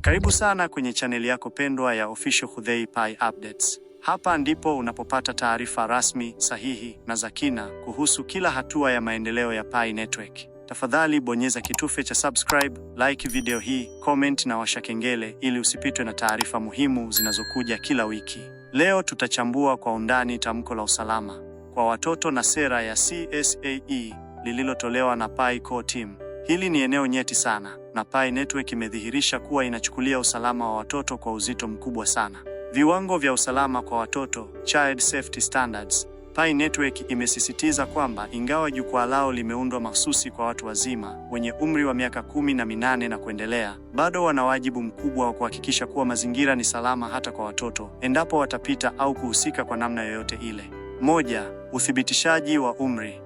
Karibu sana kwenye chaneli yako pendwa ya Official Khudhey Pi Updates. Hapa ndipo unapopata taarifa rasmi, sahihi na za kina kuhusu kila hatua ya maendeleo ya Pi Network. Tafadhali bonyeza kitufe cha subscribe, like video hii, comment na washa kengele ili usipitwe na taarifa muhimu zinazokuja kila wiki. Leo tutachambua kwa undani tamko la usalama kwa watoto na sera ya CSAE lililotolewa na Pi Core Team. Hili ni eneo nyeti sana na Pi Network imedhihirisha kuwa inachukulia usalama wa watoto kwa uzito mkubwa sana. Viwango vya usalama kwa watoto, Child Safety Standards. Pi Network imesisitiza kwamba ingawa jukwaa lao limeundwa mahsusi kwa watu wazima wenye umri wa miaka kumi na minane na kuendelea, bado wana wajibu mkubwa wa kuhakikisha kuwa mazingira ni salama hata kwa watoto endapo watapita au kuhusika kwa namna yoyote ile. Moja, uthibitishaji wa umri.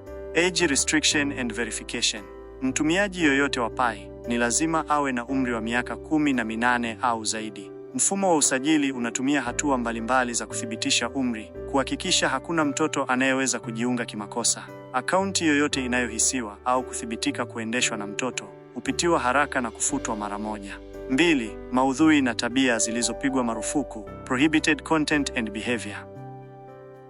Age restriction and verification. Mtumiaji yoyote wa Pai ni lazima awe na umri wa miaka kumi na minane au zaidi. Mfumo wa usajili unatumia hatua mbalimbali za kuthibitisha umri, kuhakikisha hakuna mtoto anayeweza kujiunga kimakosa. Akaunti yoyote inayohisiwa au kuthibitika kuendeshwa na mtoto hupitiwa haraka na kufutwa mara moja. Mbili, maudhui na tabia zilizopigwa marufuku, prohibited content and behavior.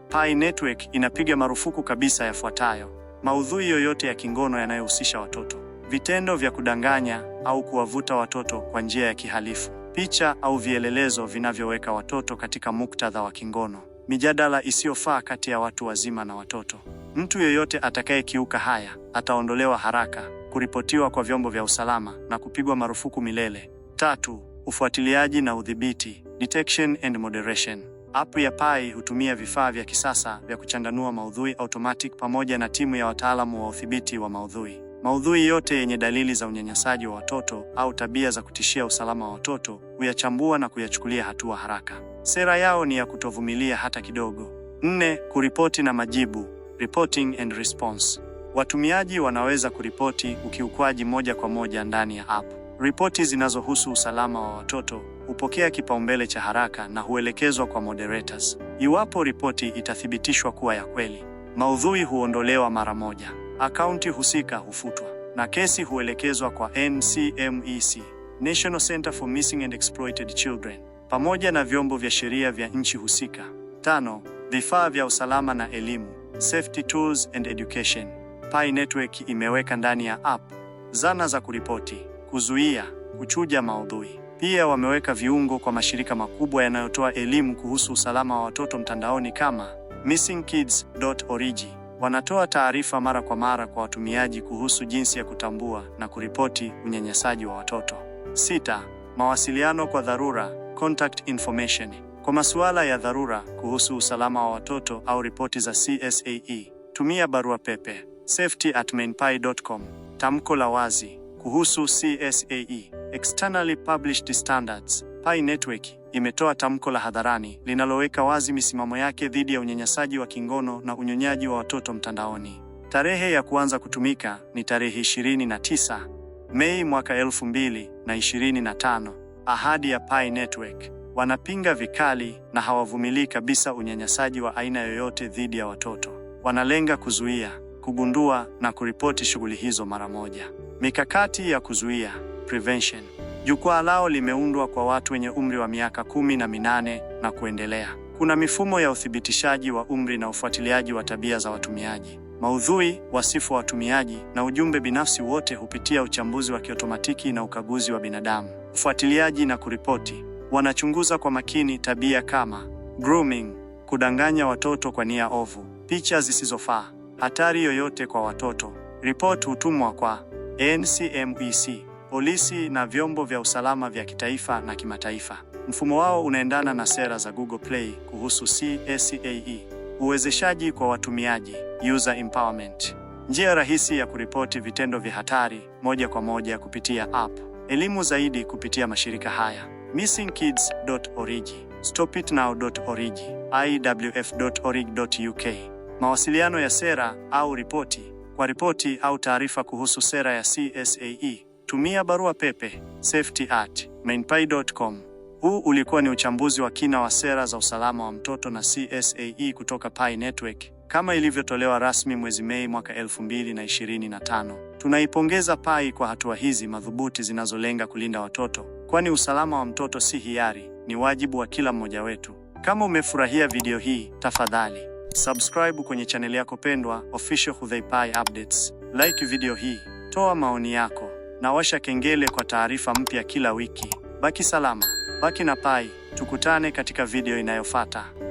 Pi Network inapiga marufuku kabisa yafuatayo: maudhui yoyote ya kingono yanayohusisha watoto, vitendo vya kudanganya au kuwavuta watoto kwa njia ya kihalifu, picha au vielelezo vinavyoweka watoto katika muktadha wa kingono, mijadala isiyofaa kati ya watu wazima na watoto. Mtu yeyote atakayekiuka haya ataondolewa haraka, kuripotiwa kwa vyombo vya usalama na kupigwa marufuku milele. Tatu, ufuatiliaji na udhibiti, detection and moderation. App ya Pai hutumia vifaa vya kisasa vya kuchanganua maudhui automatic pamoja na timu ya wataalamu wa udhibiti wa maudhui. Maudhui yote yenye dalili za unyanyasaji wa watoto au tabia za kutishia usalama wa watoto huyachambua na kuyachukulia hatua haraka. Sera yao ni ya kutovumilia hata kidogo. Nne, kuripoti na majibu, reporting and response. Watumiaji wanaweza kuripoti ukiukwaji moja kwa moja ndani ya app. Ripoti zinazohusu usalama wa watoto hupokea kipaumbele cha haraka na huelekezwa kwa moderators. Iwapo ripoti itathibitishwa kuwa ya kweli, maudhui huondolewa mara moja, akaunti husika hufutwa na kesi huelekezwa kwa NCMEC, e National Center for Missing and Exploited Children, pamoja na vyombo vya sheria vya nchi husika. Tano, vifaa vya usalama na elimu, safety tools and education. Pi Network imeweka ndani ya app zana za kuripoti, kuzuia, kuchuja maudhui pia wameweka viungo kwa mashirika makubwa yanayotoa elimu kuhusu usalama wa watoto mtandaoni kama missingkids.org. Wanatoa taarifa mara kwa mara kwa watumiaji kuhusu jinsi ya kutambua na kuripoti unyanyasaji wa watoto. Sita, mawasiliano kwa dharura, contact information. Kwa masuala ya dharura kuhusu usalama wa watoto au ripoti za CSAE, tumia barua pepe safety@mainpai.com. Tamko la wazi kuhusu CSAE, Externally Published Standards. Pi Network imetoa tamko la hadharani linaloweka wazi misimamo yake dhidi ya unyanyasaji wa kingono na unyonyaji wa watoto mtandaoni. Tarehe ya kuanza kutumika ni tarehe 29 Mei mwaka 2025. Ahadi ya Pi Network: wanapinga vikali na hawavumilii kabisa unyanyasaji wa aina yoyote dhidi ya watoto. Wanalenga kuzuia kugundua na kuripoti shughuli hizo mara moja. Mikakati ya kuzuia prevention. Jukwaa lao limeundwa kwa watu wenye umri wa miaka kumi na minane na kuendelea. Kuna mifumo ya uthibitishaji wa umri na ufuatiliaji wa tabia za watumiaji. Maudhui, wasifu wa watumiaji na ujumbe binafsi wote hupitia uchambuzi wa kiotomatiki na ukaguzi wa binadamu. Ufuatiliaji na kuripoti. Wanachunguza kwa makini tabia kama grooming, kudanganya watoto kwa nia ovu, picha zisizofaa hatari yoyote kwa watoto. Ripoti hutumwa kwa NCMEC, polisi na vyombo vya usalama vya kitaifa na kimataifa. Mfumo wao unaendana na sera za Google Play kuhusu CSAE, Uwezeshaji kwa watumiaji, user empowerment. Njia rahisi ya kuripoti vitendo vya hatari moja kwa moja kupitia app. Elimu zaidi kupitia mashirika haya: missingkids.org, stopitnow.org, iwf.org.uk mawasiliano ya sera au ripoti. Kwa ripoti au taarifa kuhusu sera ya CSAE, tumia barua pepe safety@mainpai.com. Huu ulikuwa ni uchambuzi wa kina wa sera za usalama wa mtoto na CSAE kutoka Pi Network kama ilivyotolewa rasmi mwezi Mei mwaka 2025. Tunaipongeza Pi kwa hatua hizi madhubuti zinazolenga kulinda watoto, kwani usalama wa mtoto si hiari, ni wajibu wa kila mmoja wetu. Kama umefurahia video hii, tafadhali Subscribe kwenye chaneli yako pendwa Official Khudhey Updates. Like video hii, toa maoni yako na washa kengele kwa taarifa mpya kila wiki. Baki salama, baki na Pai. Tukutane katika video inayofuata.